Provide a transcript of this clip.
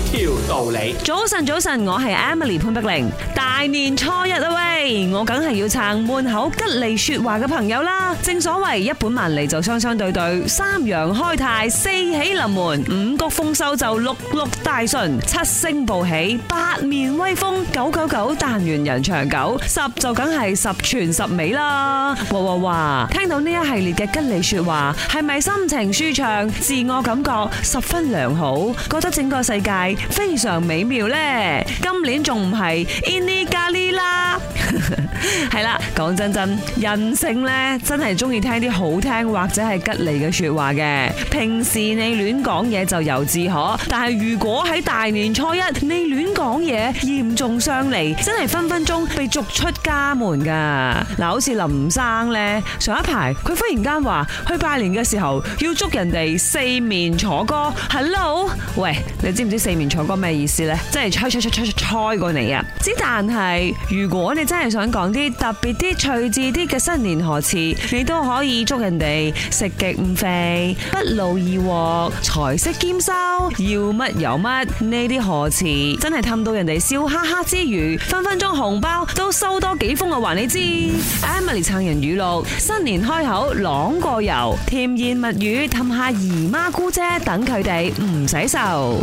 條道理。早晨，早晨，我係 Emily 潘碧玲。大年初一啊喂，我梗係要撐門口吉利說話嘅朋友啦。正所謂一本萬利就雙雙對對，三陽開泰，四喜臨門，五穀豐收就六六大順，七星報喜，八面威風，九九九,九但願人長久，十就梗係十全十美啦。嘩嘩聽到呢一系列嘅吉利說話，係咪心情舒暢，自我感覺十分良好，覺得整個世界？非常美妙咧！今年仲唔係 Inni 咖喱啦？係啦，講 真真人性咧，真係中意聽啲好聽或者係吉利嘅說話嘅。平時你亂講嘢就由自可，但係如果喺大年初一你亂講嘢，嚴重傷離，真係分分鐘被逐出家門噶。嗱，好似林生咧，上一排佢忽然間話去拜年嘅時候要祝人哋四面楚歌。Hello，喂，你知唔知四？面楚歌咩意思呢？即係吹吹吹吹吹，吹過你啊！之但係如果你真係想講啲特別啲、趣致啲嘅新年賀詞，你都可以祝人哋食極唔肥，不勞而獲，財色兼收，要乜有乜呢啲賀詞，真係氹到人哋笑哈哈之餘，分分鐘紅包都收多幾封啊！話你知？Emily 撐人語錄，新年開口啷過油，甜言蜜語氹下姨媽姑姐，等佢哋唔使受。